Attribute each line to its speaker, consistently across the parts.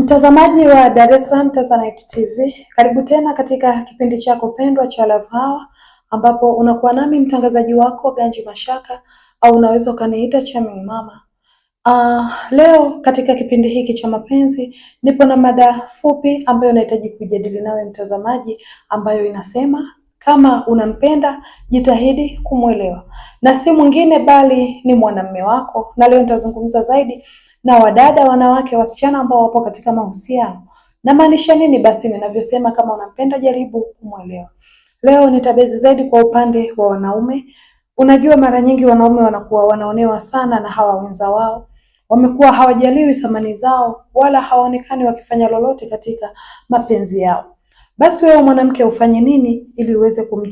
Speaker 1: Mtazamaji wa Dar es Salaam Tanzanite TV, karibu tena katika kipindi chako pendwa cha Love Hour ambapo unakuwa nami mtangazaji wako Ganji Mashaka au unaweza ukaniita Charming Mama. Uh, leo katika kipindi hiki cha mapenzi nipo na mada fupi ambayo nahitaji kujadili nawe mtazamaji, ambayo inasema kama unampenda jitahidi kumwelewa, na si mwingine bali ni mwanamume wako. Na leo nitazungumza zaidi na wadada, wanawake, wasichana ambao wapo katika mahusiano. Namaanisha nini basi ninavyosema kama unampenda jaribu kumwelewa? Leo nitabezi zaidi kwa upande wa wanaume. Unajua, mara nyingi wanaume wanakuwa wanaonewa sana na hawa wenza wao, wamekuwa hawajaliwi thamani zao wala hawaonekani wakifanya lolote katika mapenzi yao. Basi wewe mwanamke ufanye nini ili uweze kum,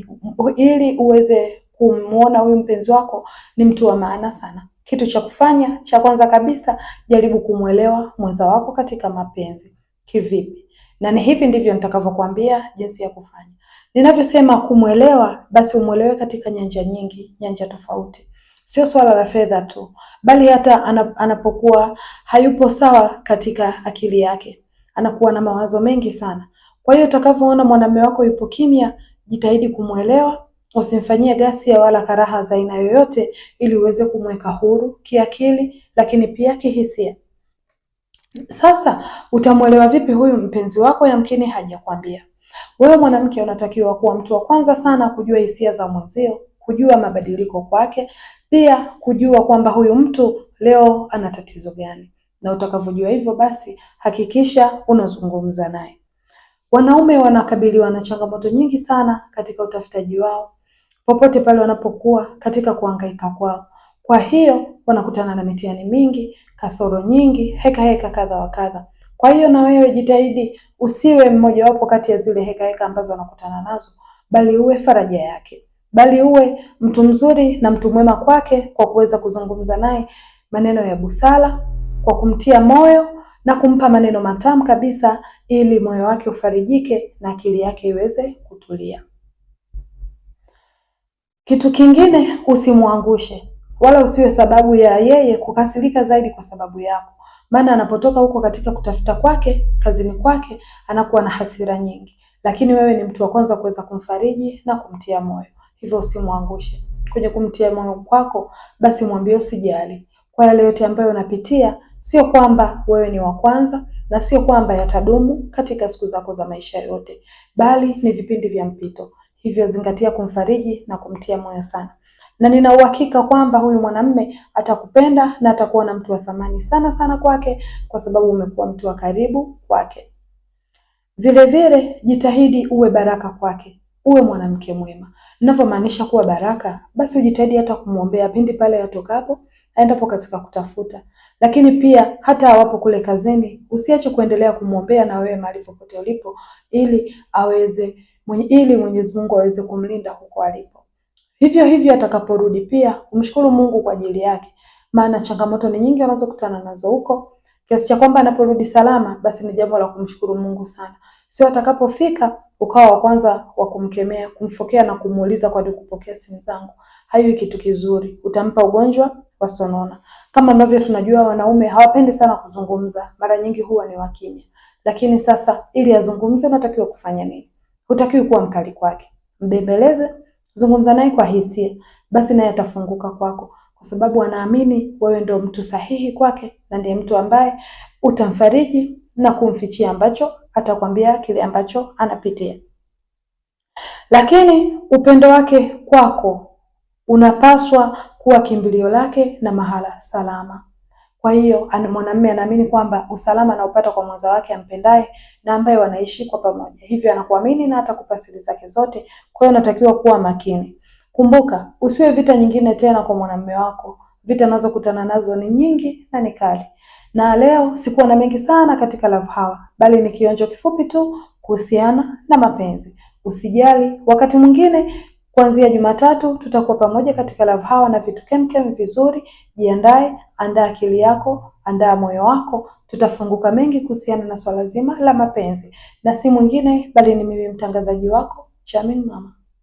Speaker 1: ili uweze kumwona huyu mpenzi wako ni mtu wa maana sana? Kitu cha kufanya cha kwanza kabisa, jaribu kumwelewa mwenza wako katika mapenzi kivipi, na ni hivi ndivyo nitakavyokuambia jinsi ya kufanya. Ninavyosema kumwelewa, basi umwelewe katika nyanja nyingi, nyanja tofauti Sio swala la fedha tu, bali hata anapokuwa hayupo sawa katika akili yake, anakuwa na mawazo mengi sana. Kwa hiyo utakavyoona mwanamume wako yupo kimya, jitahidi kumwelewa, usimfanyie ghasia wala karaha za aina yoyote, ili uweze kumweka huru kiakili, lakini pia kihisia. Sasa utamwelewa vipi huyu mpenzi wako? Yamkini hajakwambia wewe. Mwanamke unatakiwa kuwa mtu wa kwanza sana kujua hisia za mwenzio, kujua mabadiliko kwake, pia kujua kwamba huyu mtu leo ana tatizo gani. Na utakavyojua hivyo, basi hakikisha unazungumza naye. Wanaume wanakabiliwa na changamoto nyingi sana katika utafutaji wao popote pale wanapokuwa katika kuhangaika kwao. Kwa hiyo wanakutana na mitihani mingi, kasoro nyingi, heka heka kadha wa kadha. Kwa hiyo na wewe jitahidi usiwe mmojawapo kati ya zile heka heka ambazo wanakutana nazo, bali uwe faraja yake, bali uwe mtu mzuri na mtu mwema kwake, kwa kuweza kuzungumza naye maneno ya busara, kwa kumtia moyo na kumpa maneno matamu kabisa, ili moyo wake ufarijike na akili yake iweze kutulia. Kitu kingine, usimwangushe wala usiwe sababu ya yeye kukasirika zaidi kwa sababu yako, maana anapotoka huko katika kutafuta kwake, kazini kwake, anakuwa na hasira nyingi, lakini wewe ni mtu wa kwanza kuweza kumfariji na kumtia moyo. Hivyo usimwangushe kwenye kumtia moyo kwako, basi mwambie usijali kwa yale yote ambayo unapitia Sio kwamba wewe ni wa kwanza na sio kwamba yatadumu katika siku zako za maisha yote, bali ni vipindi vya mpito. Hivyo zingatia kumfariji na kumtia moyo sana, na nina uhakika kwamba huyu mwanamme atakupenda na atakuwa na mtu wa thamani sana sana kwake, kwa sababu umekuwa mtu wa karibu kwake. Vilevile jitahidi uwe baraka kwake, uwe mwanamke mwema. Ninavyomaanisha kuwa baraka, basi ujitahidi hata kumwombea pindi pale yatokapo endapo katika kutafuta, lakini pia hata awapo kule kazini, usiache kuendelea kumwombea na wewe mahali popote ulipo, ili aweze ili Mwenyezi Mungu aweze kumlinda huko alipo. Hivyo hivyo atakaporudi pia umshukuru Mungu kwa ajili yake, maana changamoto ni nyingi anazokutana nazo huko, kiasi cha kwamba anaporudi salama, basi ni jambo la kumshukuru Mungu sana, sio atakapofika ukawa wa kwanza wa kumkemea, kumfokea na kumuuliza kwani kupokea simu zangu hayo kitu kizuri, utampa ugonjwa wa sonona. Kama ambavyo tunajua wanaume hawapendi sana kuzungumza, mara nyingi huwa ni wakimya. Lakini sasa ili azungumze, unatakiwa kufanya nini? Hutakiwi kuwa mkali kwake, mbembeleze, zungumza naye kwa hisia, basi naye atafunguka kwako, kwa sababu anaamini wewe ndio mtu sahihi kwake na ndiye mtu ambaye utamfariji na kumfichia ambacho atakwambia kile ambacho anapitia. Lakini upendo wake kwako unapaswa kuwa kimbilio lake na mahala salama. Kwa hiyo mwanamume anaamini kwamba usalama anaopata kwa mwenza wake ampendaye na ambaye wanaishi kwa pamoja, hivyo anakuamini na atakupa siri zake zote. Kwa hiyo unatakiwa kuwa makini. Kumbuka, usiwe vita nyingine tena kwa mwanamume wako. Vita anazokutana nazo ni nyingi na ni kali na leo sikuwa na mengi sana katika Love Hour, bali ni kionjo kifupi tu kuhusiana na mapenzi. Usijali, wakati mwingine kuanzia Jumatatu tutakuwa pamoja katika Love Hour na vitu kemkem vizuri. Jiandae, andaa akili yako, andaa moyo wako, tutafunguka mengi kuhusiana na swala zima la mapenzi, na si mwingine bali ni mimi mtangazaji wako Chamin Mama.